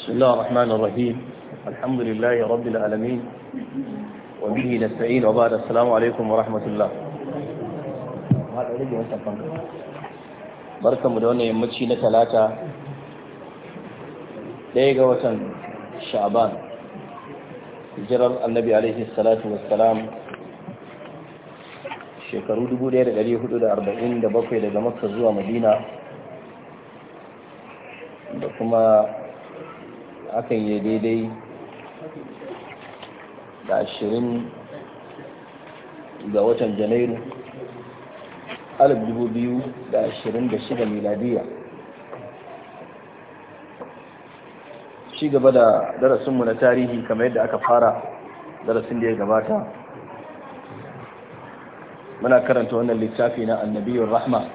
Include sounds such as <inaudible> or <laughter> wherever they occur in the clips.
بسم الله الرحمن الرحيم الحمد لله رب العالمين وبه نستعين وبعد السلام عليكم ورحمة الله mu da wannan yammaci na talata ɗaya ga watan sha'aban hijirar annabi alaihi salatu wassalam daga makka zuwa madina da kuma akan yi daidai da ashirin ga watan janairu alif dubu biyu da ashirin da shida miladiya Shi gaba da darasinmu na tarihi kamar yadda aka fara darasin da ya gabata muna karanta wannan littafi na annabiyar rahma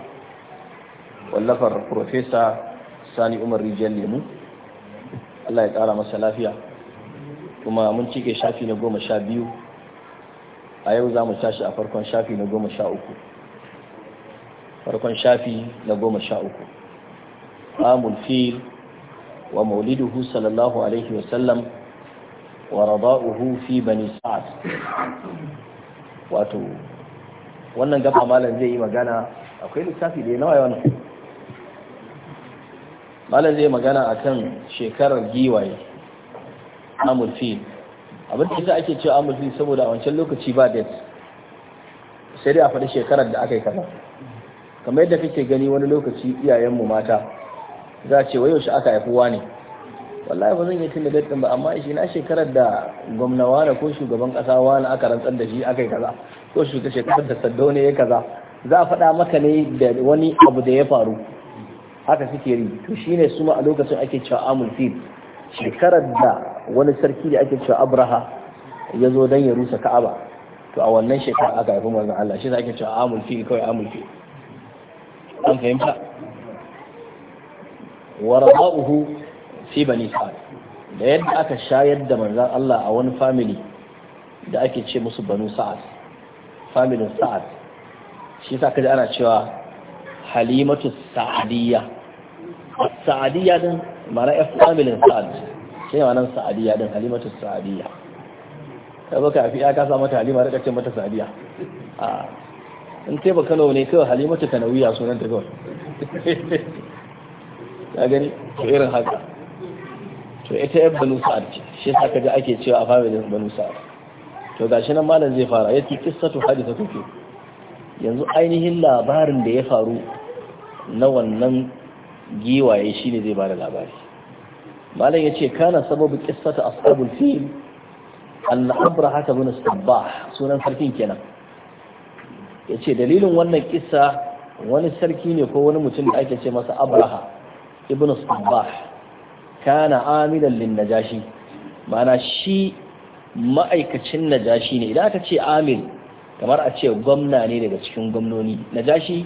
wallafar profesa sani umar rijiyar lemu Allah ya ƙara masa lafiya kuma mun cike shafi na goma sha biyu a yau za mu tashi a farkon shafi na goma sha uku farkon shafi na goma sha uku amul fil wa mauliduhu sallallahu alaihi wa sallam, wa rada'uhu fi bani sa'ad wato wannan gaba malam zai yi magana akwai lissafi da ya nawa wannan malam zai magana a kan shekarar giwaye amurfi abin da ake cewa amurfi saboda a wancan lokaci ba det sai dai a faɗi shekarar da aka yi kaza kamar yadda kake gani wani lokaci iyayenmu mata za a ce wai yaushe aka haifuwa ne wallahi ba zan yi tunda daɗin ba amma shi na shekarar da gwamnawa na ko shugaban ƙasa wani aka rantsar da shi aka yi kaza ko shugaban shekarar da saddau ne ya kaza za a faɗa maka ne da wani abu da ya faru haka suke yi to shine su ma a lokacin ake cewa amul fil shekarar da wani sarki da ake cewa abraha ya zo don ya rusa ka'aba to a wannan shekara aka haifi manzon Allah shi ake cewa amul fil kawai amul fil an fahimta wa rada'uhu fi bani da yadda aka shayar da manzon Allah a wani family da ake ce musu banu sa'ad familin sa'ad shi sa kaji ana cewa halimatu sa'adiyya sa'adiyya din ma'ana ya fi familin sa'ad shi ne ma'anar sa'adiyya din halimatu sa'adiyya ta baka fi ya kasa mata halima rika ce mata sa'adiyya a in ce baka kano ne kawai halimatu a sunan ta gawar ta gani to irin haka to ita yan banu sa'ad ce shi sa ka ga ake cewa a familin banu sa'ad to gashi nan malam zai fara yace qissatu hadithatu fi yanzu ainihin labarin da ya faru na wannan giwaye shine zai bada labari malam yace kana sababu kisata ashabul fil an abraha ibn sabbah sunan sarkin kenan yace dalilin wannan kisa wani sarki ne ko wani mutum da ake ce masa abraha ibn sabbah kana amilan lin najashi ma'ana shi ma'aikacin najashi ne idan aka ce amil kamar a ce gwamna ne daga cikin gwamnoni najashi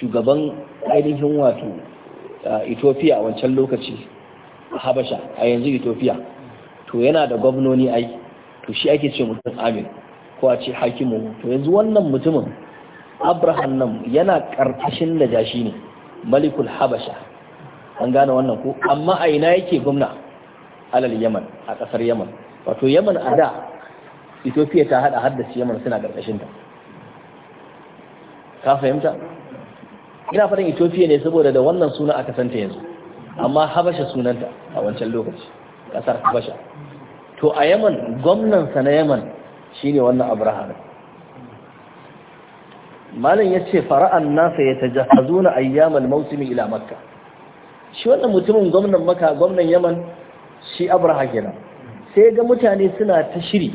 shugaban ainihin wato ethiopia a wancan lokaci a habasha a yanzu ethiopia to yana da gwamnoni ai to shi ake ce mutum amin ko a ce hakimu to yanzu wannan mutumin abraham nan yana karkashin da jashi ne malikul habasha an gane wannan ko amma a ina yake gwamna alal yaman a kasar yaman wato yaman a da ethiopia ta hada haddasa yaman suna karkashin ta ka fahimta ina faɗin Ethiopia ne saboda da wannan suna aka santa yanzu amma Habasha sunanta a wancan lokaci kasar Habasha to a Yemen gwamnan sa na Yemen shine wannan Abraham malam yace fara'an nasa yatajahazuna al-mawsim ila Makka shi wannan mutumin gwamnan Makka gwamnan Yemen shi Abraham kenan sai ga mutane suna ta shiri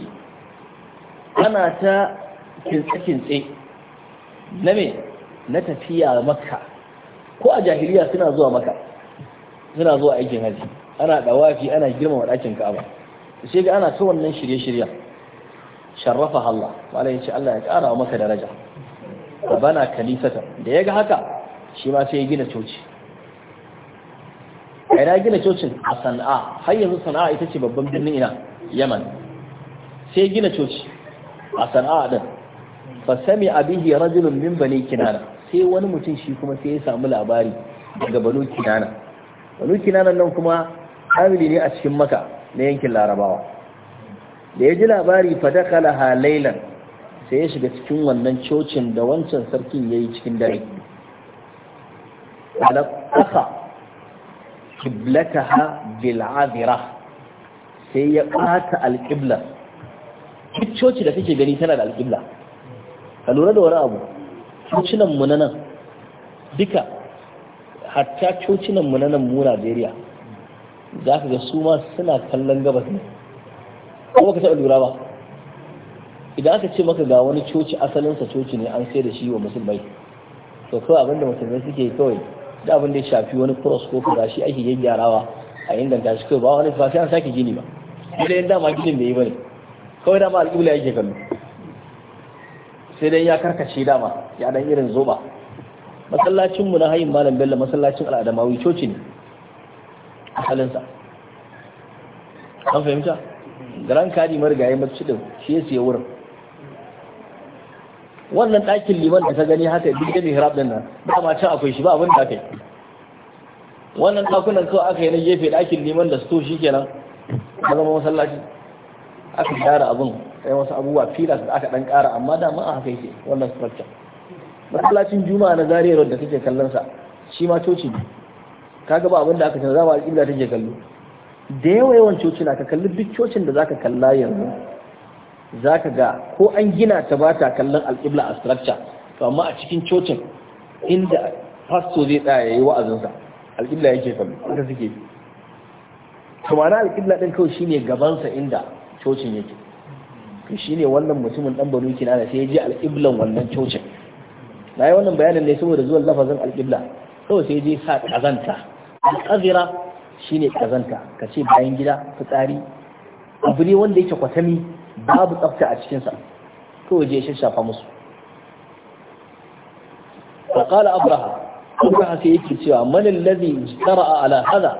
ana ta kintse-kintse na me na tafiya maka ko a jahiliya suna zuwa maka, suna zuwa aikin haji ana dawafi ana girmama ɗakin ka'aba sai ga ana ta wannan shirye-shiryen sharrafa Allah wala yace Allah ya ƙara maka daraja bana kalifata da yaga ga haka shi ma sai ya gina coci a ina gina cocin a sana'a har yanzu sana'a ita ce babban birnin ina yaman sai ya gina coci a sana'a din sami abihi rajulun min bani kinana sai wani mutum shi kuma sai ya samu labari daga banu kinana banu kinana nan kuma amili ne a cikin maka na yankin larabawa da ya ji labari fadakala halailan sai ya shiga cikin wannan cocin da wancan sarkin ya yi cikin dare alaƙasa kiblataha bil'azira sai ya ɓata alƙibla cocin coci da take gani tana da alƙibla ka lura da wani abu cocinan mu na nan duka hatta cocinan mu na nan mu Najeriya za ka ga su ma suna kallon gabas ne ko baka taɓa lura ba idan aka ce maka ga wani coci asalinsa coci ne an sai da shi wa musulmai to kawai abinda musulmai suke kawai da abin da ya shafi wani cross ko kaza shi ake gyarawa a inganta shi kawai ba wani ba sake gini ba dole yanda ma ginin bai yi bane kawai dama al'ula yake kallo sai dai ya karkace dama ya dan irin zoba masallacin mu na hayin malam bello masallacin al'adamawi coci ne asalinsa an fahimta garan kadi marigayi masjidin shi ya siya wurin wannan ɗakin liman da ta gani haka duk da mihrab din nan ma can akwai shi ba abin da kai wannan ɗakunan kawai aka yi na gefe ɗakin liman da su shi kenan na zama masallaci aka gyara abin sai wasu abubuwa filas da aka dan kara amma da ma a haka yake wannan structure masallacin juma'a na zariya da take kallon sa shi ma coci ne kaga ba abinda aka canza ba alƙibla take kallo da yawa yawan na ka kalli duk cocin da zaka kalla yanzu zaka ga ko an gina ta ba ta kallon alƙibla a structure to amma a cikin cocin inda fasto zai tsaya yayi wa'azinsa alƙibla yake kallo haka suke to ma'ana alƙibla din kawai shine gabansa inda cocin yake to ne wannan mutumin dan banu kinana sai ya je alƙiblan wannan cocin na yi wannan bayanin ne saboda zuwan lafazin al'ibla. kawai sai je sa kazanta. ƙazanta shi ne kazanta. ka ce bayan gida fitsari abu ne wanda yake kwatami babu tsafta a cikinsa kawai je shafa musu sai yake cewa أبرهة سيكي سوى a الذي اجترأ على هذا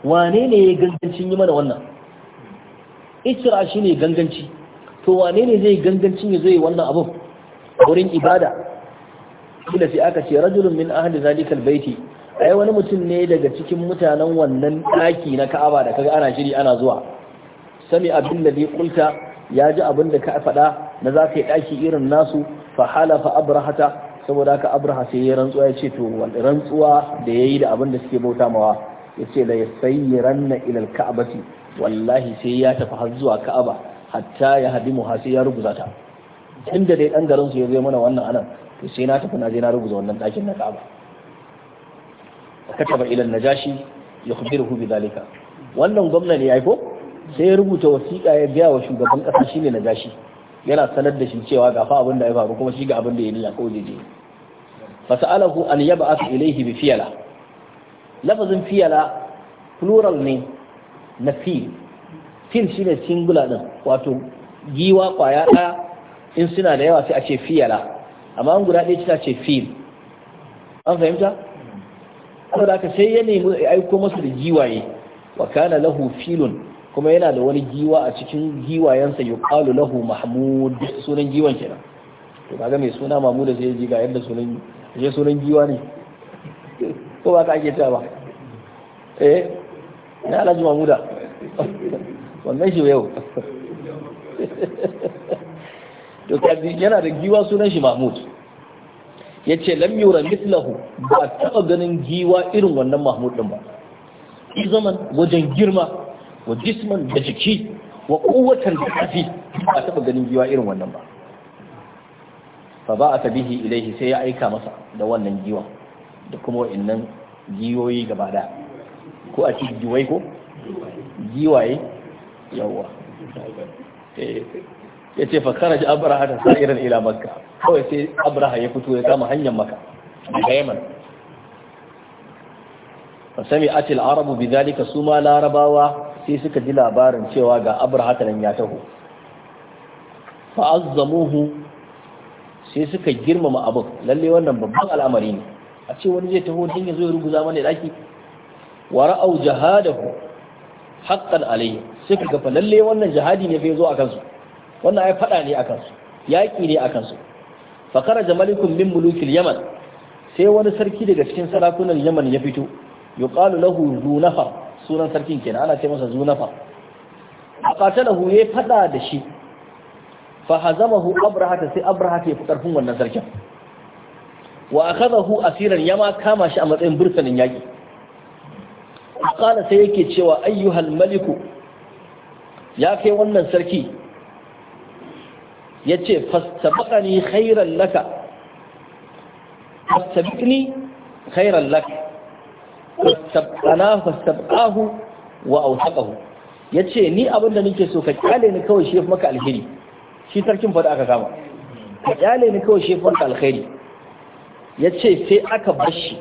وانين يغنغنشي mana wannan? shi ne غنغنشي to wane ne zai gangancin ya zo yi wannan abun wurin ibada kila sai aka ce rajulun min ahli zalika albayti ai wani mutum ne daga cikin mutanen wannan daki na Ka'aba da kaga ana shiri ana zuwa sami abin da ya ji abin da ka faɗa na za ka yi daki irin nasu fa halafa abrahata saboda aka abraha sai ya rantsuwa ya ce to wanda rantsuwa da yayi da abin da suke bauta mawa ya ce la yasayyiranna ila alka'bati wallahi sai ya tafi har zuwa ka'aba hatta ya hadimu hasi ya ruguza ta inda dai ɗan garin su ya zai mana wannan anan to sai na tafi na je na ruguza wannan ɗakin na Ka'aba kataba ila najashi yukhbiruhu zalika. wannan gwamnati yayi ko sai ya rubuta wasiƙa ya biya wa shugaban ƙasa shine najashi yana sanar da shi cewa ga fa abin da ya faru kuma shi ga abin da ya nila kawai je fa sa'alahu an yab'ath ilayhi bi fiyala lafazin fiyala plural ne na fil fil shine singular din wato giwa kwaya ɗaya in suna da yawa sai a ce fiyala amma an guda ɗaya ta ce fil an fahimta da haka sai ya nemi aiko masa da giwaye wa kana lahu filun kuma yana da wani giwa a cikin giwayensa yuqalu lahu mahmud sunan giwan kenan to kaga mai suna mahmud sai ji ga yadda sunan je sunan giwa ne ko ba ka ake ta ba eh na alhaji mahmuda wannan shi yau to kaji yana da giwa sunan shi mahmud yace ce lam yura mislahu ba ta ganin giwa irin wannan mahmud din ba zaman wajen girma wa jisman da jiki wa kuwatan da kafi ba ta ganin giwa irin wannan ba fa ba a bihi ilaihi sai ya aika masa da wannan giwa da kuma wa'annan giwoyi gaba da ko a cikin giwai ko giwaye yawa eh. ya ce fakara ji abraha ta sa'irin ila maka, kawai sai abraha ya fito ya kama hanyar maka daga yaman sami atil arabu bi zalika su ma larabawa sai suka ji labarin cewa ga abraha ta nan ya taho fa'azzamuhu sai suka girmama abin lalle wannan babban al'amari ne a ce wani zai taho don ya zo ya ruguza mana daki wara ra'au jahadahu haqqan alayhi sai ka ga lalle wannan jihadi ne bai zo a kansu wannan ai fada ne a kansu yaƙi ne a kansu fa kharaja malikun min mulukil yaman sai wani sarki daga cikin sarakunan yaman ya fito yuqalu lahu zunafa sunan sarkin kenan ana ce masa zunafa qatalahu ya fada da shi fa hazamahu abrahata sai abraha ya fi karfin wannan sarkin wa akhadahu asiran yama kama shi a matsayin burtsanin yaki qala sai yake cewa ayyuhal maliku ya kai wannan sarki ya ce fastabaqani khairan laka fastabiqni khairan laka fastabqana fastabqahu wa ya ce ni abinda nake so ka kyale ni kawai shef maka alheri shi sarkin fa da aka kama ka kyale ni kawai shef maka alheri ya ce sai aka bashi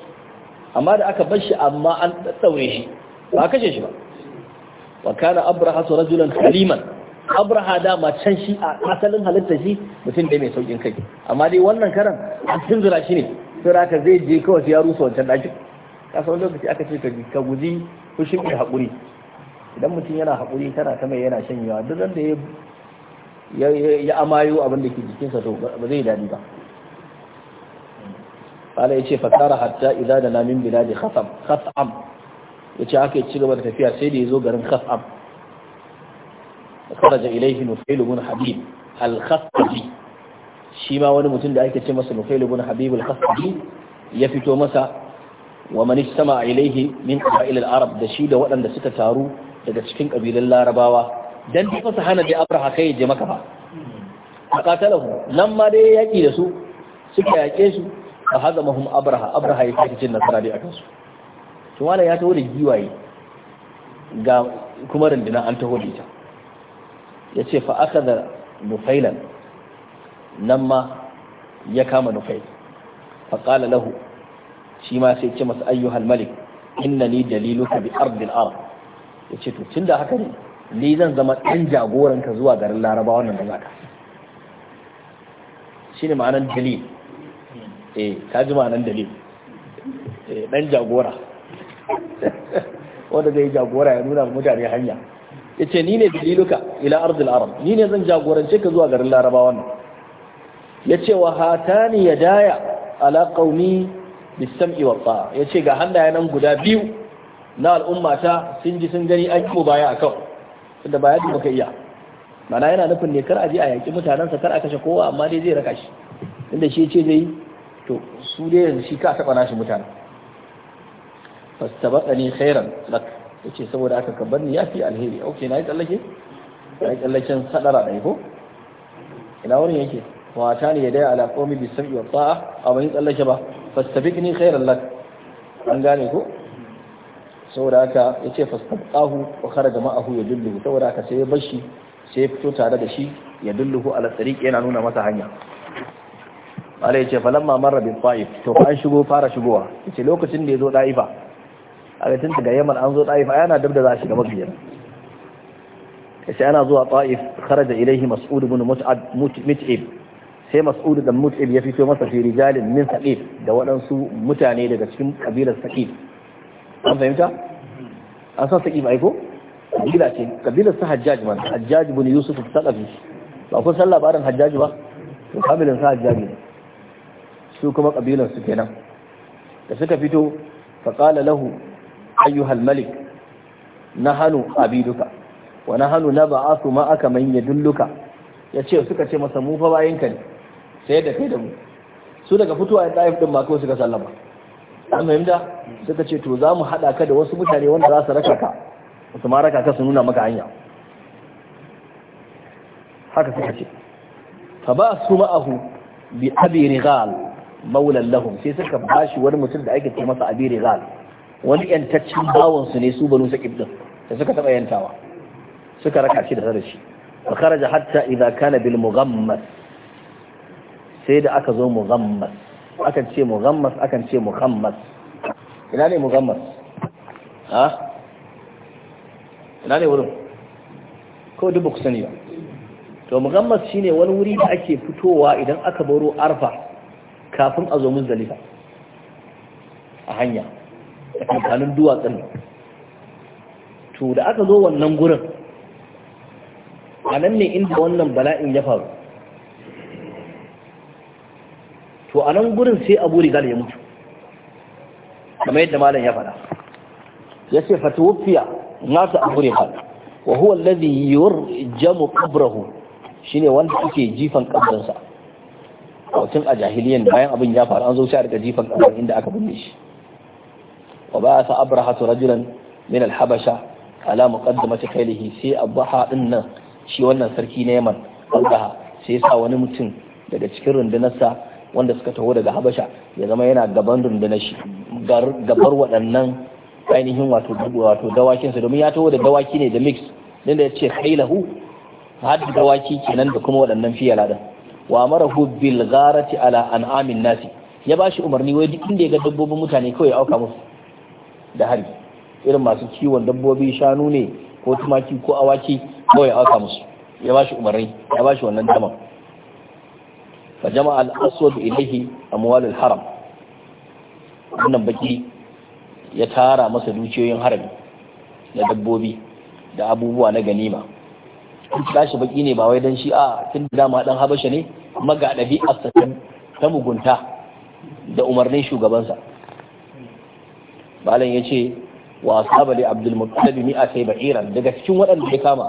amma da aka bashi amma an tsaure shi ba kashe shi ba wa kana abraha rajulan haliman abraha dama can shi a asalin halitta shi mutum da mai saukin kai amma dai wannan karan cikin tunzura shi ne sai aka zai je kawai sai ya rusa wancan ɗakin ka san lokaci aka ce ka guji fushin da hakuri. idan mutum yana hakuri tana ta mai yana yawa, duk da ya ya amayo abin da ke jikinsa to ba zai dadi ba قال ya ce حتى إذا da namin biladi خطم ya ce aka ci gaba da tafiya sai da ya zo garin khas'am kharaja ilaihi nufailu bin habib al-khasabi shi ma wani mutum da ake ce masa nufailu bin habib al-khasabi ya fito masa wa sama a ilaihi min qabil al-arab da shi da waɗanda suka taru daga cikin ƙabilun larabawa dan bi masa hana da abraha kai je maka ba qatalahu nan ma dai yaki da su suka yaƙe su haza hazamahum abraha abraha ya fice nasara dai a kansu. to ya taho da giwaye ga kuma rundunar an taho da ita ya ce fa aka da nufailan nan ma ya kama nufail fa qala lahu shi ma sai ce halmalik ayyuhal ni dalilu ka bi ardil arab ce to da haka ne ni zan zama ɗan jagoranka zuwa garin laraba wannan da zaka ne ma'anan dalil eh ka ji ma'anan dalil eh dan jagora <laughs> wanda zai jagora ya nuna mutane hanya yace ni ne daliluka ila ardil arab ni ne zan jagorance ka zuwa garin larabawa wannan? yace wa hatani yadaya ala qaumi bisam'i wa Ya yace ga hannaye nan guda biyu na al'ummata sun ji sun gani an yi baya akan tunda baya da muka iya mana yana nufin ne kar a je a yaki mutanensa kar a kashe kowa amma dai zai raka shi inda shi ce zai to su dai yanzu shi ka taɓa nashi mutane. ni khairan lak yace saboda aka kabar ni yafi alheri okay nayi tsallake nayi tsallaken sadara dai ko ina wurin yake wa ne yadai ala qawmi bi sam'i wa ta'a a bayin tsallake ba ni khairan lak an gane ko saboda haka yace fastabqahu wa kharaja ma'ahu yadullu saboda haka sai ya bashi sai ya fito tare da shi ya yadulluhu ala tariq yana nuna masa hanya Allah ya ce falamma marra bi ta'if to an shigo fara shigowa yace lokacin da yazo da'ifa a ga tun daga yaman an zo ta'if yana dab da za a shiga mafi Ya yace ana zuwa ta'if kharaja ilaihi mas'ud ibn mut'ab mut'ib sai mas'ud da mut'ib ya fito masa fi rijalin min saqif da waɗansu mutane daga cikin kabilar saqif an fahimta an san saqif ai ko kabila ce kabilar sa hajjaj man hajjaj ibn yusuf al-saqafi ba ku san labarin hajjaj ba to kabilar sa hajjaj ne su kuma kabilar su kenan da suka fito fa qala lahu ayyuhal malik nahanu abiduka wa nahanu nab'athu ma aka man yadulluka yace suka ce masa mu fa bayinka ne sai da kai da mu su daga fitowa a din ɗin mako suka sallama amma inda suka ce to za mu haɗa ka da wasu mutane wanda za su raka ka su ma raka ka su nuna maka hanya haka suka ce fa ba su ma'ahu bi abi rigal maulan lahum sai suka bashi wani mutum da ake ce masa abi rigal wani yantaccen bawansu ne su banu saqib din da suka taɓa yantawa suka raka shi da tare shi fa kharaja hatta idza kana bil mughammas sai da aka zo mughammas akan ce mughammas akan ce muhammas ina ne mughammas ha ina ne wurin ko dubu ku sani ba to mughammas shine wani wuri da ake fitowa idan aka baro arfa kafin a zo muzdalifa a hanya amfanin duwatsun to da aka zo wannan gurin a nan ne inda wannan bala'in ya faru to a nan gurin sai abu rigar ya mutu kamar yadda malam ya faɗa ya ce fatuwufiya nasa abu rigar wa huwa jamu kabrahu shi ne wanda suke jifan kabrinsa a a jahiliyan bayan abin ya faru an zo sai a jifan kabrin inda aka binne shi wa sa وبعث أبرهة رجلا من الحبشة على مقدمة خيله سي الضحى nan shi wannan sarki na Yaman Allah sai ya sa wani mutum daga cikin rundunarsa wanda suka taho daga Habasha ya zama yana gaban rundunar shi gabar waɗannan ainihin wato wato domin ya taho da dawaki ne da mix din da kai khailahu har da dawaki kenan da kuma waɗannan fiyala din wa amarahu bil gharati ala an'amin nasi ya bashi umarni wai duk inda ya ga dabbobin mutane kawai ya auka musu da hari irin masu kiwon dabbobi shanu ne ko tumaki ko awaki kawai auka musu ya ba shi umarni ya ba shi wannan damar fa jama'a al-aswad ilayhi amwal al-haram wannan baki ya tara masa dukiyoyin harami da dabbobi da abubuwa na ganima tashi baki ne ba wai dan shi a tun da dama dan habasha ne Magaɗabi ga ta mugunta da umarnin shugabansa malam ya ce wa asaba li abdul muttalib mi'a sai ba'iran daga cikin waɗanda ya kama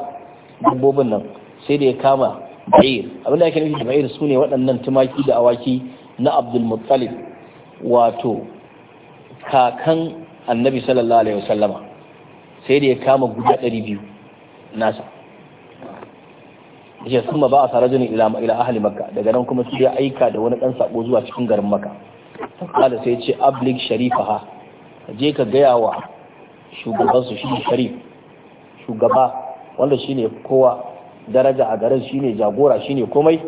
dabbobin nan sai da ya kama ba'ir abinda yake nufi da ba'ir sune waɗannan tumaki da awaki na abdul muttalib wato kakan annabi sallallahu alaihi wasallama sai da ya kama guda ɗari biyu nasa ya kuma ba a sarajin ila ila ahli makka daga nan kuma sai ya aika da wani ɗan sako zuwa cikin garin makka kala sai ya ce ablik Ha. ka je ka gaya wa shugabansu shi sharif shugaba wanda shine kowa daraja a garin shine jagora shine komai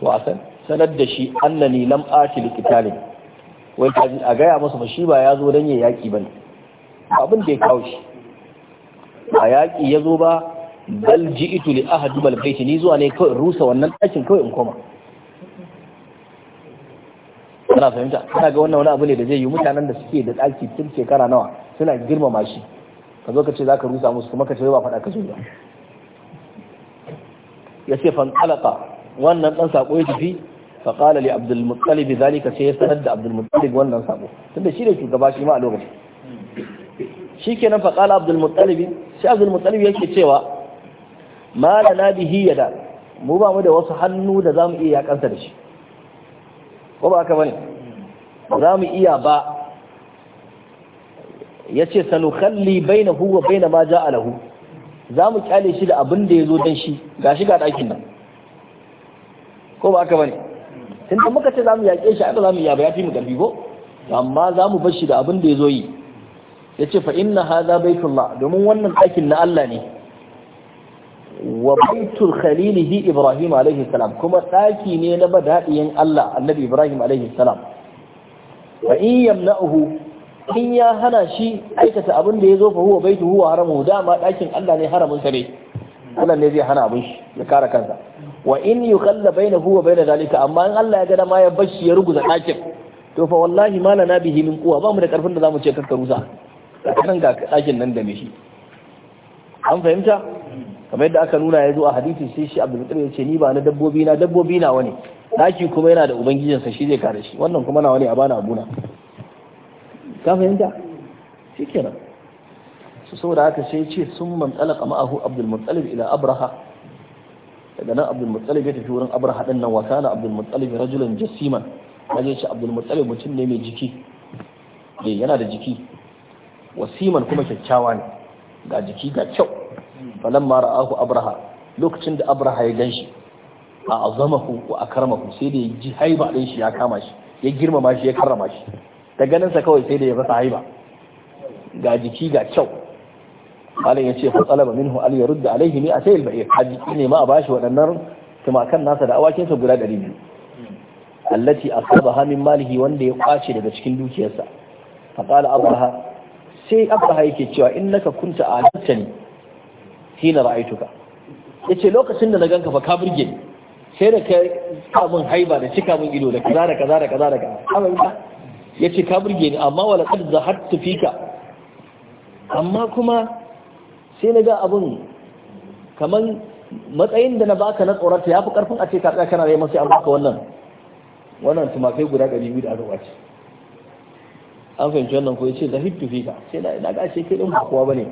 to a san sanar da shi annani lam ati liqitalin wai a gaya masa ba shi ba ya zo dan ya yaki bane abin da ya kawo shi a yaki ya zo ba bal ji'itu li ahad bal baiti ni zuwa ne kawai rusa wannan ɗakin kawai in koma kana fahimta kana ga wannan wani abu ne da zai yi mutanen da suke da tsaki tun shekara nawa suna girmama shi ka zo ka ce zaka rusa musu kuma ka ce ba faɗa ka zo ba ya ce fan alaka wannan dan sako ya tafi fa qala li abdul muttalib zalika sai ya sanar da abdul muttalib wannan sako tunda shi ne shugaba shi ma a lokacin shikenan fa qala abdul muttalib sai abdul muttalib yake cewa ma lana bihi yada mu ba mu da wasu hannu da zamu iya yakansa da shi ko ba ka bane za mu iya ba ya ce sanukalli bai na huwa bai na ma ja alahu za mu kyale shi da abin da ya zo don shi ga shi ga ɗakin nan ko ba aka bane tun da muka ce za mu yaƙe shi aka za mu iya ba ya fi mu ƙarfi ko amma za mu bar shi da abin da ya zo yi ya ce fa na haza baitullah domin wannan ɗakin na Allah ne wa baitul khalilihi ibrahim alaihi salam kuma daki ne na badadiyin Allah annabi ibrahim alaihi salam fa in yamna'uhu in ya hana shi aikata abin da yazo fa huwa baituhu wa haramuhu dama dakin Allah ne haramin sa ne Allah ne zai hana abin shi ya kare kansa wa in yukhalla bainahu wa bain dalika, amma in Allah ya ga ma ya bashi ya ruguza dakin to fa wallahi ma lana bihi min quwa ba mu da karfin da zamu ce karkaru sa kan ga dakin nan da me shi an fahimta kamar yadda aka nuna ya zo a hadisi sai shi abdul qadir ya ce ni ba na dabbobi na dabbobi na wani daki kuma yana da sa shi zai kare shi wannan kuma na wani a bana abuna ka fahimta shi kenan su saboda haka sai ce sun mantsala kama ahu abdul mutsalib ila abraha daga nan abdul mutsalib ya tafi wurin abraha din nan wa kana abdul mutsalib rajulan jasiman kaje shi abdul mutsalib mutum ne mai jiki eh yana da jiki wasiman kuma kyakkyawa ne ga jiki ga kyau falamma ra'ahu abraha lokacin da abraha ya ganshi a azamahu wa akramahu sai da ya ji haiba din shi ya kama shi ya girmama shi ya karrama shi da ganin sa kawai sai da ya rasa haiba ga jiki ga kyau malam ya ce fatsalaba minhu al yarud alaihi ni asayil ba'ir jiki ne ma a bashi waɗannan tumakan nasa da awakin sa guda 200 allati asabaha min malihi wanda ya kwace daga cikin dukiyarsa faqala abraha sai abraha yake cewa innaka kunta alatani hina ra'aituka yace lokacin da na ganka fa ka burge ni sai da ka mun haiba da cika mun ido da kaza da kaza da kaza da kaza yace ka burge ni amma wala qad zahattu fika amma kuma sai na ga abun kaman matsayin da na baka na tsorata ya fi karfin a ce ka tsaya kana rai masu an baka wannan wannan tumakai guda ɗari biyu da aka kwace an fahimci wannan ko ya ce zahid ka. sai na ga ce ke ɗin ba kowa ba ne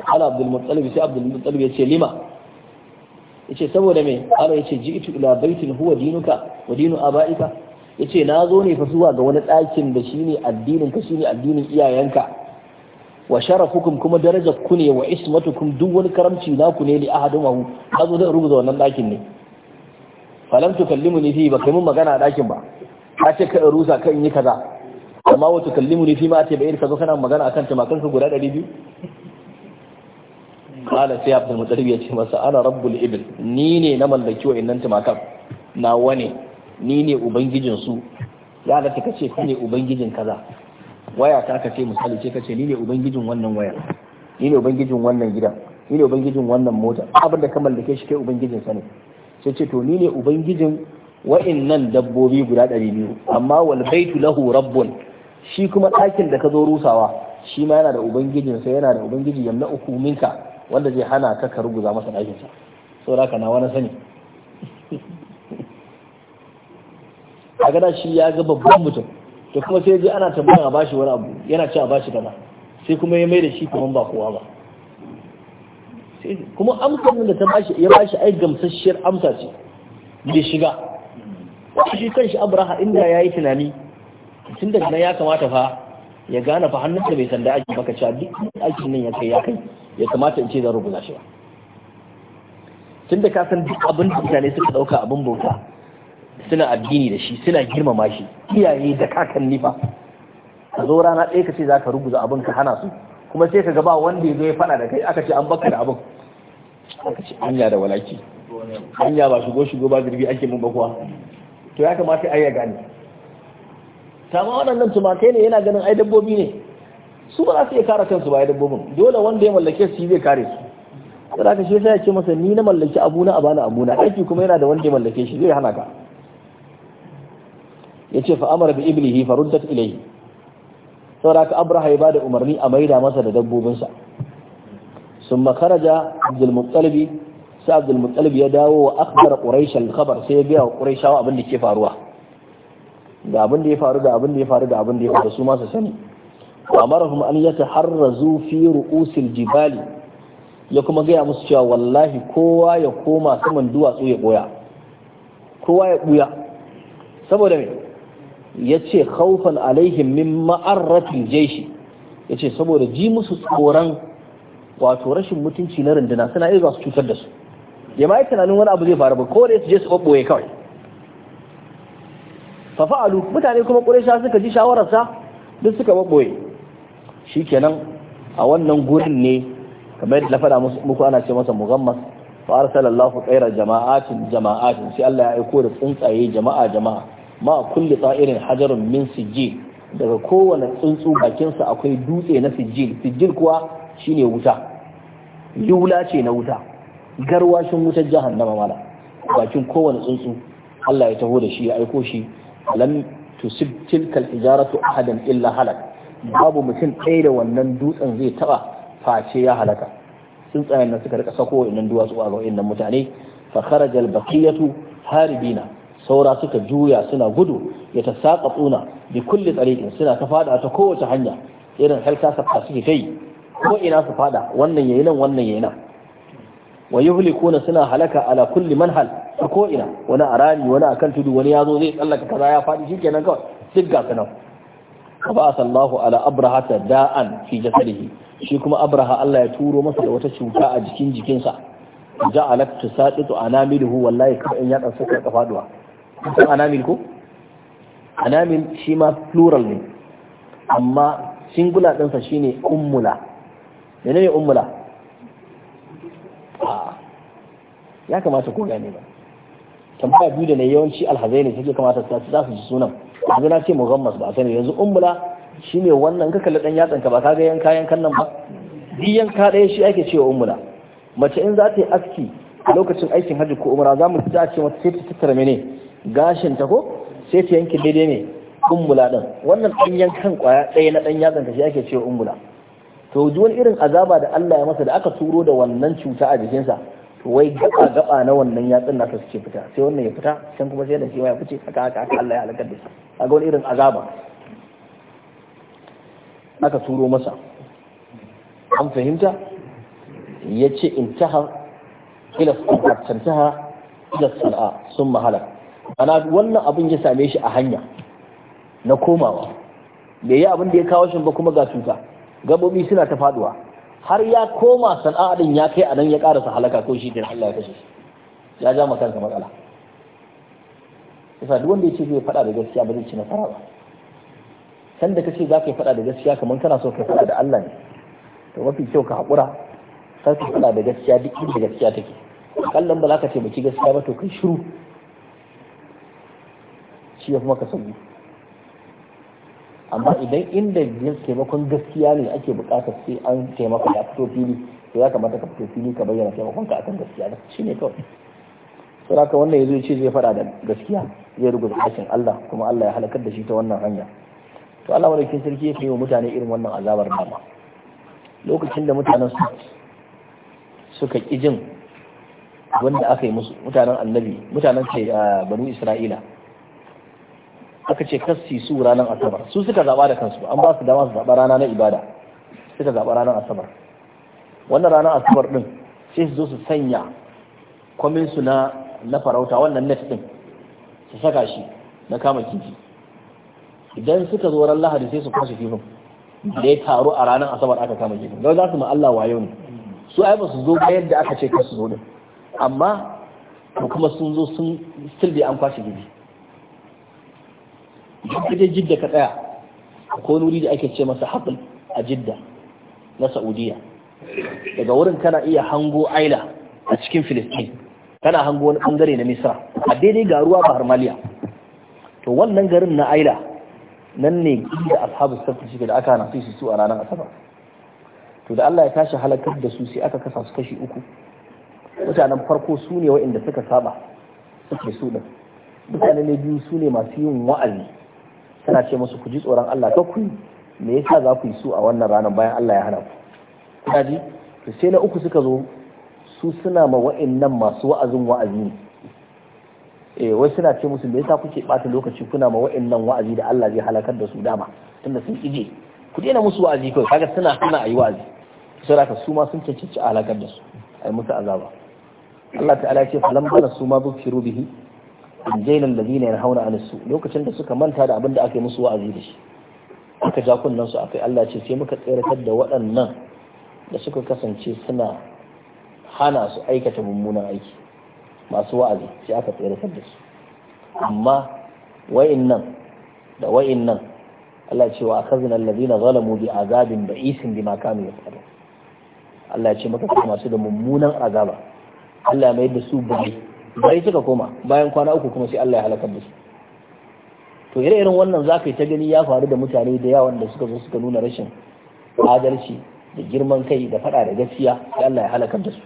ala abdul muttalib sai abdul muttalib ya ce lima yace saboda me ala yace ji'tu ila baitin huwa dinuka wa abaika yace na zo ne fa zuwa ga wani ɗakin da shi ne addinin ka ne addinin iyayenka wa sharafukum kuma darajar ku ne wa ismatukum duk wani karamci naku ne li ahadin wahu na zo zan rubuta wannan ɗakin ne falam tu tukallimu ni fi ba kai mun magana a ɗakin ba ka ce ka rusa ka in yi kaza amma wa tukallimu ni fi ma ce bai irka zo kana magana akan tumakan ka guda ɗari biyu? kala sai abdul mutalib ya ce masa ana rabbul ibil ni ne na mallaki wa innanta tumakan nawa ne ni ne ubangijin su ya da ka ce ne ubangijin kaza waya ta ka ce misali ce kace ce ni ne ubangijin wannan waya ni ne ubangijin wannan gida ni ne ubangijin wannan mota abin da ka mallake shi kai ubangijin sa ne sai ce to ni ne ubangijin wa'annan dabbobi guda ɗari biyu amma wal baitu lahu rabbun shi kuma ɗakin da ka zo rusawa shi ma yana da ubangijinsa yana da ubangiji yamna uku minka wanda zai hana ka ka ruguza masa ɗakinsa so da na wani sani a gada shi ya ga babban mutum to kuma sai ji ana tambaya a bashi wani abu yana ci a bashi kana sai kuma ya mai da shi kuma ba kowa ba kuma amsar da ta bashi ya bashi ai gamsasshiyar amsa ce bai shiga wata shi shi abraha inda ya yi tunani tun daga nan ya kamata fa ya gane fa hannun da bai sanda ake baka cewa duk aikin nan ya kai ya kai ya kamata in ce zan rubuta shi ba tunda ka san duk abin da mutane suka dauka abin bauta suna addini da shi suna girmama shi iyaye da kakanni fa ka zo rana ɗaya ka ce za ka rubuta abin ka hana su kuma sai ka ga ba wanda ya zo ya faɗa da kai aka ce an baka da abin aka ce anya da walaki anya ba shigo shigo ba girbi ake mun bakuwa to ya kamata ai ya gane sama waɗannan tumakai ne yana ganin ai dabbobi ne su ba za su iya kare kansu ba ya dabbobin dole wanda ya mallake su zai kare su da haka shi yasa ya ce masa ni na mallaki abuna a bani abuna aiki kuma yana da wanda ya mallake shi zai hana ka Ya ce fa amara bi iblihi fa ruddat ilayhi saboda ka abraha ya bada umarni a maida masa da dabbobinsa summa makaraja abdul muttalibi sai abdul muttalibi ya dawo wa akbar quraish al khabar sai ya biya wa quraishawa abin da ke faruwa da abin da ya faru da abin da ya faru da abin da ya faru su ma su sani amarahum an yataharrazu fi ru'usil jibali ya kuma gaya musu cewa wallahi kowa ya koma saman duwatsu ya boya kowa ya buya saboda me yace khawfan alaihim min ma'arratil jayshi yace saboda ji musu tsoron wato rashin mutunci na runduna suna iya su cutar da su ya ma tunanin wani abu zai faru ba kowa da je su ɓaɓɓoye kawai fafa'alu mutane kuma ƙuraisha suka ji shawararsa duk suka ɓaɓɓoye shikenan a wannan gurin ne kamar yadda na muku ana ce masa mugammas fa arsalallahu qaira jama'atin jama'atin sai Allah ya aiko da tsuntsaye jama'a jama'a ma kulli ta'irin hajarun min sijil daga kowane tsuntsu bakinsa akwai dutse na sijil sijil kuwa shine wuta yula ce na wuta garwashin wutar jahannama mala bakin kowane tsuntsu Allah ya taho da shi ya aiko shi lam tusib tilkal hijaratu ahadan illa halak babu mutum ɗaya da wannan dutsen zai taɓa face ya halaka tsuntsayen nan suka rika sako wa'annan duwatsu a wa'annan mutane fa kharaja al-baqiyatu haribina saura suka juya suna gudu ya ta saka tsuna bi kulli tsarikin suna ta fada ta kowace hanya irin halka sa suke kai ko ina su fada wannan yayi nan wannan yayi nan wa yuhlikuna suna halaka ala kulli manhal ko ina wani a rami wani akan tudu wani ya zo zai tsallaka kaza ya fadi shikenan kawai duk ga sanan ba sallahu ala abraha ta da'an fi jasadihi shi kuma abraha Allah ya turo masa da wata cuta a jikin jikinsa ja'alat tusaditu anamiluhu wallahi ka in ya dan saka ka san anamil ko anamil shi ma plural ne amma singular din sa shine ummula menene ummula ah, ya kamata ko gane ba tambaya biyu da ne yawanci alhazai ne suke kamata su za su ji sunan yanzu na ce muhammas ba sani yanzu shi shine wannan ka kalli dan yatsanka ba kaga kayan kan nan ba duk yanka ɗaya shi ake cewa ummula mace in za ta yi aski lokacin aikin hajji ko umra za mu ji a ce mata sai ta tattara mene gashin ta ko sai ta yanke daidai ne umula din wannan dan yankan kwaya ɗaya na dan yatsanka shi ake cewa umbula to duk wani irin azaba da Allah ya masa da aka turo da wannan cuta a jikinsa wai gaba gaba na wannan yatsun naka su ce fita sai wannan ya fita can kuma sai da shi ya fice haka haka haka Allah ya halaka da shi ga wani irin azaba aka turo masa an fahimta ya ce in taha ila san'a tantaha ila sal'a sun mahala ana wannan abin ya same shi a hanya na komawa bai yi abin da ya kawo shi ba kuma ga cuta gabobi suna ta faduwa har ya koma sana'a din ya kai anan ya karasa halaka ko shi din Allah ya kashe ya ja maka kansa matsala yasa duk wanda yace zai faɗa da gaskiya ba zai ci nasara ba san da kace za ka faɗa da gaskiya kamar kana so ka faɗa da Allah ne to mafi kyau ka haƙura kar ka faɗa da gaskiya duk inda gaskiya take kallon ba za ka taimaki gaskiya ba to kai shiru shi ya kuma ka sauki amma idan inda taimakon gaskiya ne ake bukatar sai an taimaka ya fito fili to ya kamata ka fito fili ka bayyana taimakon ka akan gaskiya da shi ne kawai saboda wannan ya zo ce zai fada da gaskiya zai rubuta harshen Allah kuma Allah ya halakar da shi ta wannan hanya to Allah madaukakin sarki ya yi wa mutane irin wannan azabar dama lokacin da mutanen su suka ƙi jin wanda aka yi musu mutanen annabi mutanen kai eh, banu isra'ila aka ce kassi su ranar asabar su suka zaba da kansu an ba su dama su zaba rana na ibada suka zaba ranar asabar wannan ranar asabar din sai su zo su sanya kwamin su na na farauta wannan net din su saka shi na kama kifi idan suka zo ran lahadi sai su kwashe kifin da ya taru a ranar asabar aka kama kifin don za su ma Allah wayo ne su ai ba su zo ba yadda aka ce kansu zo din amma kuma sun zo sun still an kwashe kifi idan ka je jidda ka tsaya akwai wuri da ake ce masa haɓul a jidda na saudiya daga wurin kana iya hango aila a cikin filistin kana hango wani bangare na misra a daidai ga ruwa ba harmaliya to wannan garin na aila nan ne inda ashabu safi shi da aka nasu su a ranar asabar to da Allah ya tashi halakar da su sai aka kasa su kashi uku mutanen farko su ne waɗanda suka saba suke su mutane ne biyu su ne masu yin wa'azi tana ce musu ku ji tsoron Allah ka ku me yasa za ku yi su a wannan ranar bayan Allah ya hana ku kuna to sai na uku suka zo su suna ma wa'annan masu wa'azin wa'azi eh wai suna ce musu me yasa kuke bata lokaci kuna ma wa'annan wa'azi da Allah zai halakar da su dama tunda sun ije ku daina musu wa'azi kai kaga suna suna ayi wa'azi saboda su ma sun cancanci halakar da su ai musu azaba Allah ta'ala ya ce falam bala su ma bukiru bihi jailal ladina yanhauna an su lokacin da suka manta da abin da aka yi musu wa'azi da shi aka ja kunnan su akai Allah ce sai muka tsiratar da waɗannan da suka kasance suna hana su aikata mummunan aiki masu wa'azi sai aka tsiratar da su amma wa'innan da wa'innan Allah ce wa akhazna alladhina zalamu bi azabin ba'isin bima kanu yaf'alun Allah ce muka kama masu da mummunan azaba Allah ya mai da su bai bai suka koma bayan kwana uku kuma sai Allah ya halaka musu to ire irin wannan zakai ta gani ya faru da mutane da yawa da suka zo suka nuna rashin adalci da girman kai da fada da gaskiya sai Allah ya halaka da su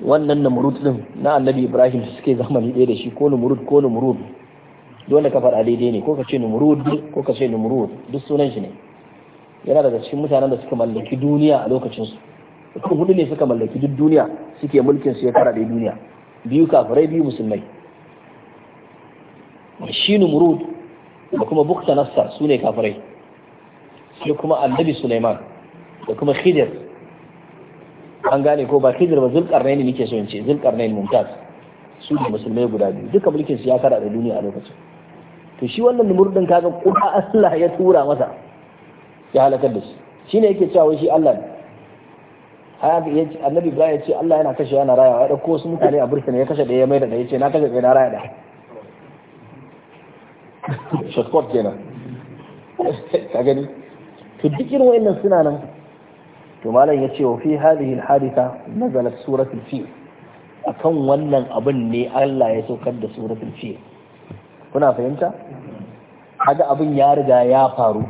wannan namrud din na annabi Ibrahim su suke zamani ɗaya da shi ko namrud ko namrud dole ka faɗa daidai ne ko ka ce ko ka ce duk sunan shi ne yana daga cikin mutanen da suka mallaki duniya a lokacin su mutum hudu ne suka mallaki duk duniya suke mulkin su ya kara da duniya biyu kafirai biyu musulmai shi numrud da kuma bukta nassar su ne kafirai sai kuma annabi suleiman da kuma khidir an gane ko ba khidir ba zulkarnaini nake so in ce zulkarnaini mumtaz su ne musulmai guda biyu duka mulkin su ya kara da duniya a lokacin to shi wannan numrud din kaga kuma aslah ya tura masa ya halakar da shi shine yake cewa shi Allah ne annabi ibrahim ya ce Allah yana kashe yana rayawa ya dauko wasu mutane a ne ya kashe da ya mai da ya ce na kashe da na raya da <laughs> shortcut kenan <laughs> ka gani to duk irin wayannan suna nan to malam ya ce wa fi hadhihi al-haditha nazalat suratul fil akan wannan abin ne Allah ya saukar da suratul fil kuna fahimta kaga abin ya riga ya faru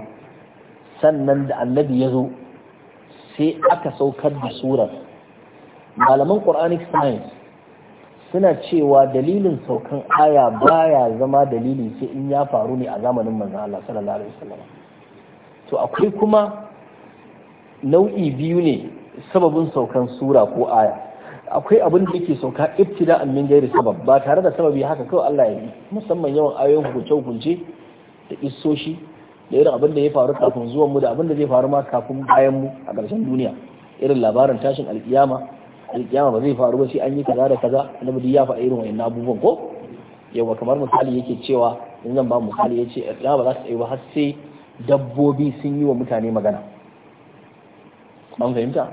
sannan da annabi ya zo sai aka saukar da surar malaman quranic science suna cewa dalilin saukan aya baya zama dalili sai in ya faru ne a zamanin manzon Allah sallallahu alaihi wasallam to akwai kuma nau'i biyu ne sababin saukan sura ko aya akwai abin da yake sauka ibtida min gairi sabab ba tare da sababi haka kawai Allah ya yi musamman yawan ayoyin hukunce hukunce da isoshi da irin abin da ya faru kafin zuwan mu da abin da zai faru ma kafin bayan mu a ƙarshen duniya irin labarin tashin alkiyama alkiyama ba zai faru ba sai an yi kaza da kaza annabi duk ya faɗa irin wayannan abubuwan ko yawa kamar misali yake cewa in zan ba misali yace ya ba za su tsaye ba har sai dabbobi sun yi wa mutane magana an fahimta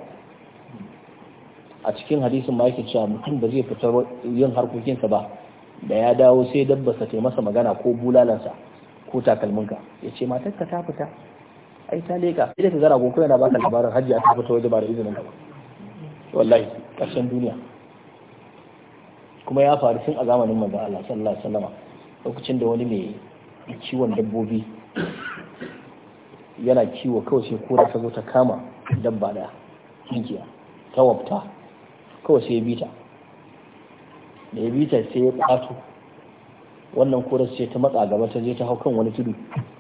a cikin hadisin ma yake cewa mutum ba zai fitar yin harkokinsa ba da ya dawo sai dabbarsa ta masa magana ko bulalansa ɗauko takalminka ya ce matar ta fita ai ta leka idan ta zara goku yana baka labarin hajji a ta fita waje ba da izinin ka wallahi ƙarshen duniya kuma ya faru tun a zamanin manzon Allah sallallahu alaihi wasallam lokacin da wani mai ciwon dabbobi yana kiwo kawai sai kura ta zo ta kama dabba da kinkiya ta wabta kawai sai ya bita da ya bita sai ya ƙato wannan koras ce ta matsa gaba ta je ta hau kan wani tudu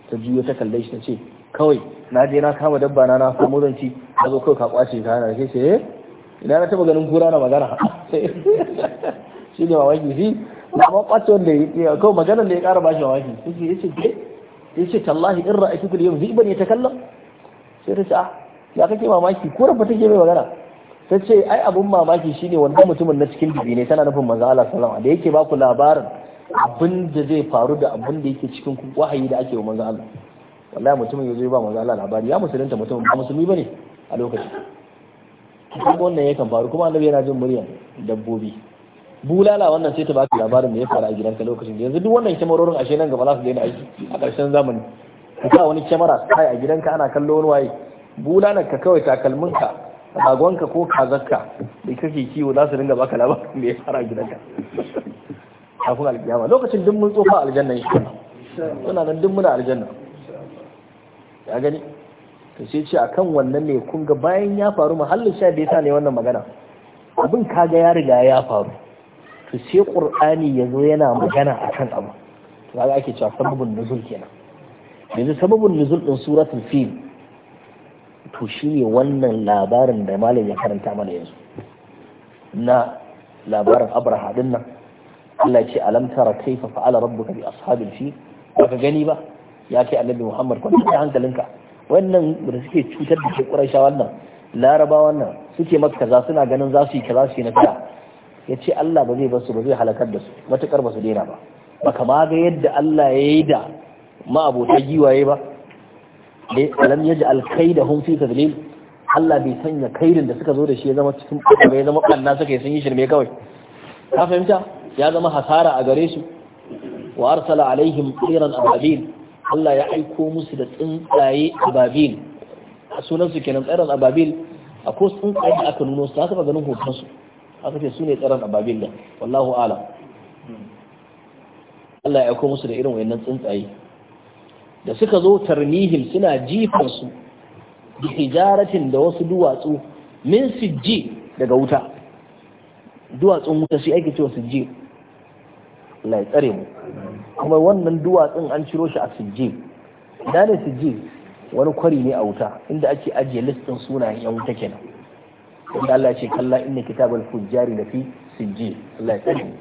ta juyo ta kalle shi ta ce kawai na je na kama dabba na na samu zanci ci na zo kawai ka kwace ka na ke ce eh, ina na taba ganin kura na magana <laughs> shi ne mamaki shi na ma kwace wanda ya kawai magana da ya kara bashi mamaki sai ya ce ke ya ce tallahi in ra'aitu yau zai ziban ta kallon sai ta ce ah ya kake mamaki kura fa take mai magana ta ce ai abun mamaki shine wannan mutumin na cikin dubi ne tana nufin manzo Allah sallallahu alaihi wasallam da yake ba ku labarin abin da zai faru da abin da yake cikin wahayi da ake wa manzo Allah wallahi mutumin yanzu ba manzo Allah labari ya musulunta mutum ba musulmi bane a lokacin kuma wannan yakan faru kuma annabi yana jin muryar dabbobi bulala wannan sai ta baka labarin da ya faru a gidanka lokacin da yanzu duk wannan kyamarorin ashe nan gaba za su daina aiki a ƙarshen zamani ka sa wani kyamara sai a gidanka ana kallo wani waye bulalar ka kawai takalminka ragonka ko kazakka da kake kiwo za su dinga baka labarin da ya faru a gidanka kafin alkiyama lokacin duk mun tsofa aljanna insha kuma suna nan duk muna aljanna ya gani to sai ce a kan wannan ne kun ga bayan ya faru mahallin sha da yasa ne wannan magana abin kaga ya riga ya faru to sai qur'ani zo yana magana a kan abu to ake cewa sababin nuzul kenan yanzu sababin nuzul ɗin suratul fil to shine wannan labarin da malam ya karanta mana yanzu na labarin abraha din nan Allah ya ce alam tara kaifa fa'ala rabbuka bi ashabil fi baka gani ba ya kai annabi Muhammad kwanta ta hankalinka wannan da suke cutar da ke Quraysha wannan Laraba wannan suke maka kaza suna ganin za su yi kaza su yi nasara ya ce Allah ba zai basu ba zai halakar da su matukar ba su daina ba Ba ma ga yadda Allah ya yi da ma'abota giwaye ba dai alam yaj'al kaidahum fi tadlil Allah bai sanya kairin da suka zo da shi ya zama cikin ya zama kanna suka yi sun yi shirme kawai ka fahimta ya zama hasara a gare su wa arsala alaihim tsiran ababil Allah ya aiko musu da tsuntsaye ababil a sunan su kenan tsiran ababil a ko tsuntsaye da aka nuno su aka ganin hoton su aka ce su tsiran ababil da wallahu ala. Allah ya aiko musu da irin wayannan tsuntsaye da suka zo tarmihim suna jifan su bi hijaratin da wasu duwatsu min sijji daga wuta duwatsun wuta shi ake cewa sijji Allah ya tsare mu kuma wannan duwatsun an ciro shi a sijji da ne sijji wani kwari ne a wuta inda ake ajiye listin sunayen yan wuta kenan inda Allah ya ce kalla inna kitabal fujjari da fi sijji Allah ya tsare mu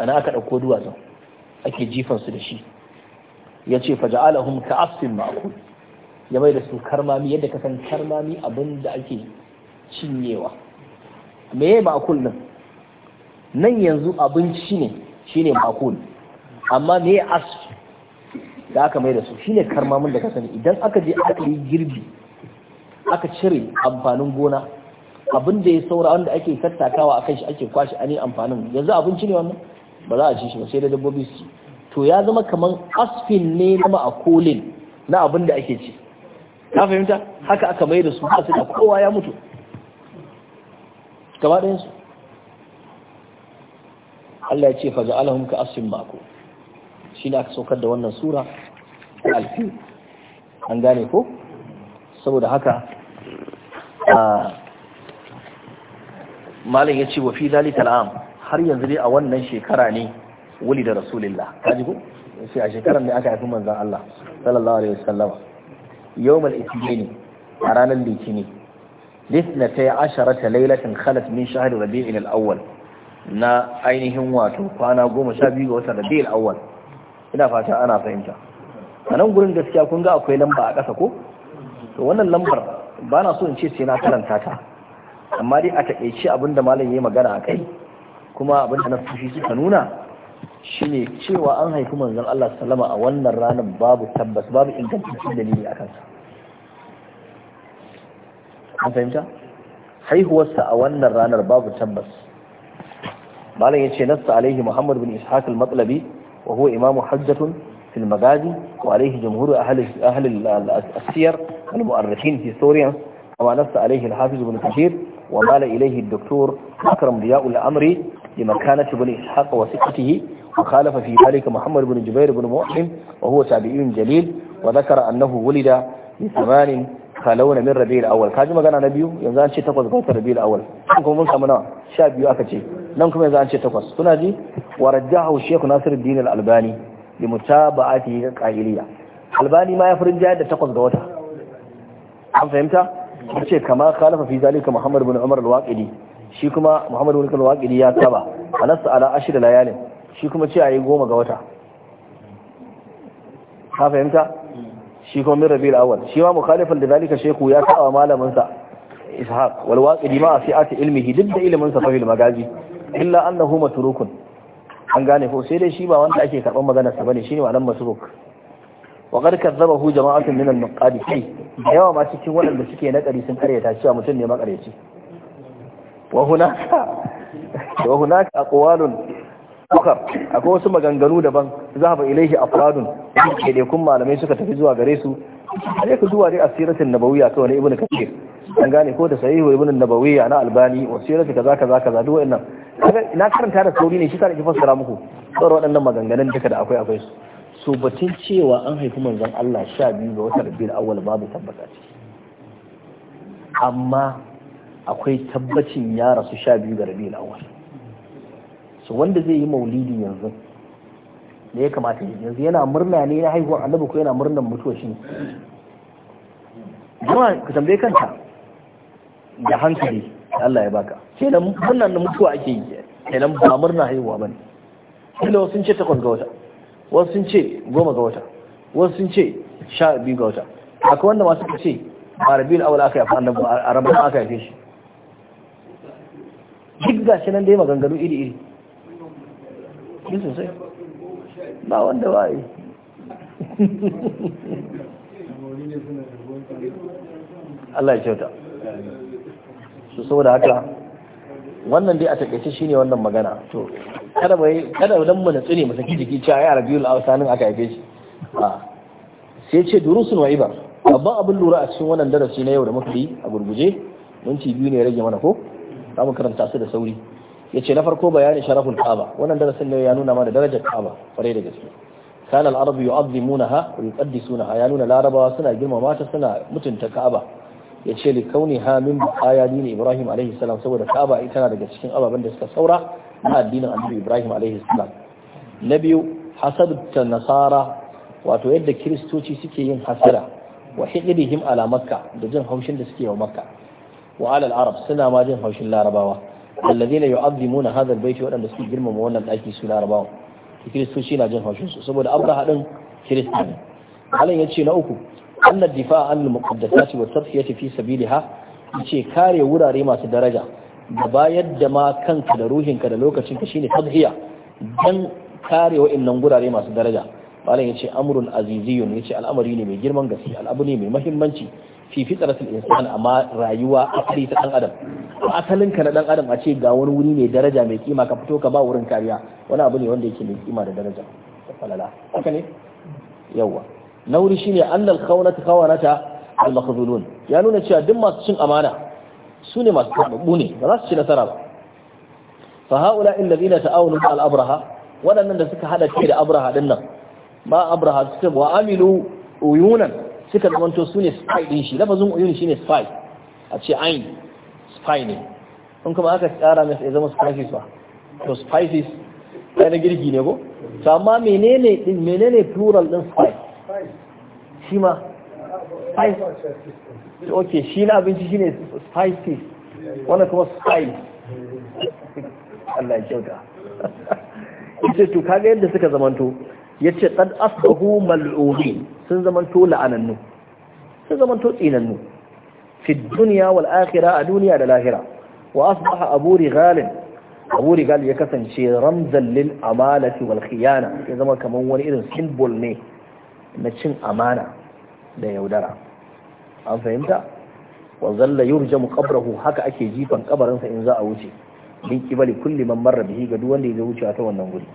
ana aka dauko duwatsun ake jifan su da shi yace faja'alahum ka'asfin ma'kul ya mai da su karmami yadda ka san karmami abin da ake cinyewa me ma'kul nan nan yanzu abinci ne shine makul amma me as da aka mai da su shine karmamin da ka sani idan aka je aka yi girbi aka cire amfanin gona abin da ya saura wanda ake tattakawa kan shi ake kwashi ani amfanin yanzu abinci ne wannan ba za a ci shi ba sai da dabbobi su ci to ya zama kamar asfin ne a kolin na abin da ake ci ka fahimta haka aka mai da su ba su da kowa ya mutu gaba Allah ya ce fa ja'alahum ka asim mako shine aka saukar da wannan sura alfi an gane ko saboda haka malam ya ce wa fi zalika al'am har yanzu dai a wannan shekara ne wuli da rasulillah. Ka kaji ko sai a shekarar ne aka haifi manzon Allah sallallahu alaihi wasallam yawmal ithnain a ranar litini lisna ta yi ashara asharata lailatan khalat min shahr rabi'il al-awwal na ainihin wato kwana goma sha biyu ga watan rabi'ul awwal ina fata ana fahimta a nan gurin gaskiya kun ga akwai lamba a ƙasa ko to wannan lambar ba na so in ce sai na karanta ta amma dai a taƙaice abinda malam ya magana a kai kuma abinda na fushi suka nuna shine cewa an haifi manzon Allah sallama a wannan ranar babu tabbas babu ingantaccen dalili a kansa an fahimta haihuwarsa a wannan ranar babu tabbas مالا yace نص عليه محمد بن إسحاق المطلبي وهو إمام حجة في المغازي وعليه جمهور أهل أهل السير المؤرخين سوريا كما نص عليه الحافظ بن كثير ومال إليه الدكتور أكرم ضياء الأمري لمكانة بن إسحاق وثقته وخالف في ذلك محمد بن جبير بن مؤمن وهو تابعي جليل وذكر أنه ولد لثمان khalawna min rabi'il awwal kaji magana na biyu yanzu an ce takwas ga watan rabi'il awwal kuma mun samu nawa sha biyu aka ce nan kuma yanzu an ce takwas kuna ji wa rajahu shaykh nasiruddin al-albani li mutaba'ati qa'iliya albani ma ya furin jayar da takwas ga wata an fahimta ce kama khalafa fi zalika muhammad ibn umar al-waqidi shi kuma muhammad ibn umar al-waqidi ya saba anasa ala ashir layalin shi kuma ce ayi goma ga wata ka fahimta shi kuma min rabi'ul awwal shi ma mukhalifan da Dalika shehu ya saba malamin sa ishaq wal waqidi ma fi'ati ilmihi duk da ilimin sa fahil magaji illa annahu matrukun an gane ko sai dai shi ba wanda ake karban maganar sa bane shine wannan masruk wa qad kadzabahu jama'atun min al-nuqadi kai yawa ma cikin waɗanda suke nakari sun karyata cewa mutum ne makaryaci wa hunaka wa hunaka aqwalun ukar akwai wasu maganganu daban zahaba ilaihi afradun ke dai kun malamai suka tafi zuwa gare su ne ka zuwa dai asiratin nabawiya ta wani ibnu kathir an gane ko da sahihu ibnu nabawiya na albani wa sirati kaza kaza kaza duk wannan na karanta da sauri ne shi ta nake fassara muku sauran waɗannan maganganun duka da akwai akwai su batun cewa an haifi manzon Allah sha biyu ga watan Rabiul Awwal babu tabbata amma akwai tabbacin ya rasu sha biyu ga Rabiul Awwal so wanda zai yi maulidi yanzu da ya kamata yanzu yana murna ne na haihuwar annabi ko yana murnan mutuwa shi jama'a ka tambaye kanta da hankali Allah ya baka ce da murnan da mutuwa ake yi nan ba murna haihuwa bane kila wasu sun ce takwas ga wata wasu sun ce goma ga wata wasu sun ce sha biyu ga wata akwai wanda masu ce ba rabin awal aka yi annabi a rabin aka yi shi duk gashi nan dai maganganu iri iri ciki sosai ba wanda ba Allah ya kyauta su saboda haka wannan dai a takaice shine wannan magana to kada bai kada dan mu natsu ne mu saki jiki cewa ai Rabiul Awsanin aka haife shi a sai ce durusun wa iba babban abin lura a cikin wannan darasi na yau da muka yi a gurguje mun ci biyu ne rage mana ko za mu karanta su da sauri yace na farko bayani sharaful kaaba wannan darasin ne ya nuna mana darajar kaaba kwarai da gaske kana al-arabu yu'azzimunaha wa yuqaddisunaha ya nuna larabawa suna girmama suna mutunta kaaba yace li ha min dina ibrahim alaihi salam saboda kaaba ita na daga cikin ababen da suka saura na addinin annabi ibrahim alaihi salam na biyu hasadu nasara wato yadda kiristoci suke yin hasara wa hidrihim ala makka da jin haushin da suke wa makka wa alal arab suna ma jin haushin larabawa alladhina yu'azzimuna hadha albayt wadanda suke girmama wannan daki su larabawa kiristoci na jin haushin su saboda abraha din kirista ne halin yace na uku anna difa'a an muqaddasati wa tadhiyati fi sabiliha yace kare wurare masu daraja da bayar da ma kanka da ruhinka da lokacinka shine tadhiya dan kare wa'annan gurare masu daraja malam yace amrun aziziyun yace al'amari ne mai girman gaske al'abu ne mai muhimmanci fi fitratul insan amma rayuwa asali ta dan adam asalin ka na dan adam a ce ga wani wuri mai daraja mai kima ka fito ka ba wurin kariya wani abu ne wanda yake mai kima da daraja falala haka ne yawa nauri shine annal khawnata khawanata al makhzulun ya nuna cewa duk masu cin amana su ne masu tabbu ne ba za su ci nasara ba fa haula alladhina ta'awunu al abraha waɗannan da suka hada kai da abraha dinnan nan ba abraha suka wa amilu uyunan suka zamanto su ne spy din shi lafazin uyun shi ne spy a ce ayin spy ne in kuma aka tsara mai sai zama spices ba to spices ɗaya na girki ne ko to amma menene din menene plural din spy shi ma spice ok shi na abinci shine spices wannan kuma spice Allah ya kyauta <laughs> yace to kaga yadda suka zamanto yace qad asbahu mal'umin sun to la'anannu sun to tsinannu fi duniya wal akhira a duniya da lahira wa asbaha abu rigalin abu rigal ya kasance ramzan lil amalati wal khiyana ya zama kamar wani irin symbol ne na cin amana da yaudara an fahimta wa zalla yurjamu qabrahu haka ake jifan kabarinsa in za a wuce min kibali kulli man marra bihi ga duk wanda ya wuce ta wannan guri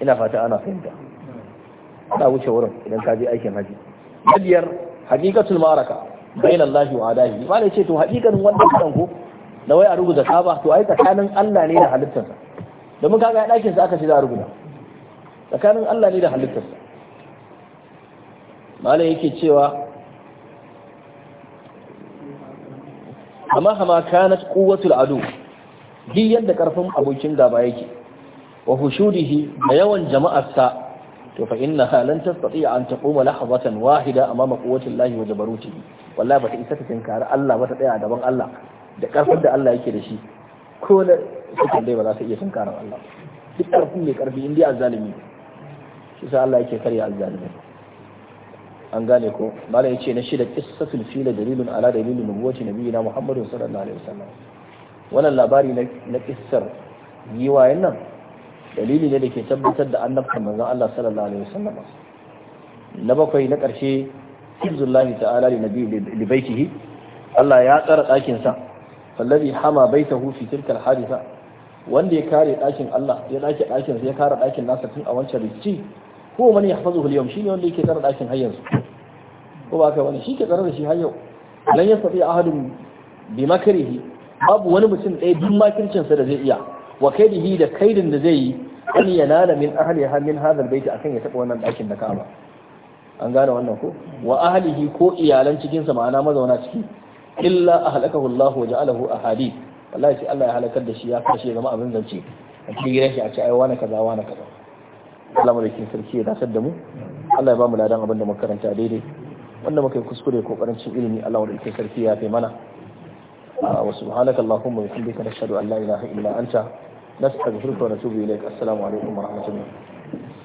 ina fata ana fahimta Ana wuce wurin idan ka je aikin haji na biyar hakikatul maraka bain Allah wa adahi malai ce to haqiqanin wannan ka danko da wai a rubuta saba. to ai tsakanin Allah ne da halittarsa domin kaga ɗakin sa aka ce za a rubuta tsakanin Allah ne da halittarsa malai yake cewa amma hama kanat quwwatul adu duk yadda karfin abokin gaba yake wa hushudihi da yawan jama'arsa to fa innaha lan tastati an taquma lahzatan wahida amama quwwati llahi wa jabarutihi wallahi bata isa ta tinkari Allah ba ta tsaya daban Allah da karfin da Allah yake da shi ko na cikin dai ba za ta iya tunkarar Allah duk karfin mai karfi in dai azzalimi shi sa Allah yake karya azzalimi an gane ko malam yace na shida qissatul fila dalilun ala dalilin nubuwati nabiyina Muhammadin sallallahu alaihi wasallam wannan labari na kissar yiwayen nan dalili ne da ke tabbatar da annabta manzon Allah sallallahu alaihi wasallam na bakwai na ƙarshe hibzullahi ta'ala li nabi li baitihi Allah ya tsara ɗakin sa fallazi hama baitahu fi tilka al-hadisa wanda ya kare ɗakin Allah ya ɗake ɗakin sa ya kare ɗakin nasa tun a wancan rikici ko man yahfazuhu al-yawm shine wanda yake tsara ɗakin har yanzu ko ba ka wani shi ke tsara da shi har yau lan yastati ahadun bi makrihi babu wani mutum ɗaya bin makircin da zai iya wa kaidihi da kaidin da zai yi an yanala min ahliha min hadha albayt akan ya taba wannan dakin na Ka'aba an gane wannan ko wa ahlihi ko iyalan cikin sa ma'ana mazauna ciki illa ahlakahu Allah wa ja'alahu ahadith wallahi sai Allah ya halakar da shi ya kashe zama abin zance a cikin gidan shi a ce ai wani kaza wani kaza Allah mu sarki ya dasar da mu Allah ya ba mu ladan abin da muka karanta daidai wanda muka yi kuskure ko karancin ilimi Allah mu sarki ya fi mana wa subhanaka allahumma wa bihamdika nashhadu an la ilaha illa anta nastaghfiruka wa natubu ilaik assalamu alaikum wa rahmatullah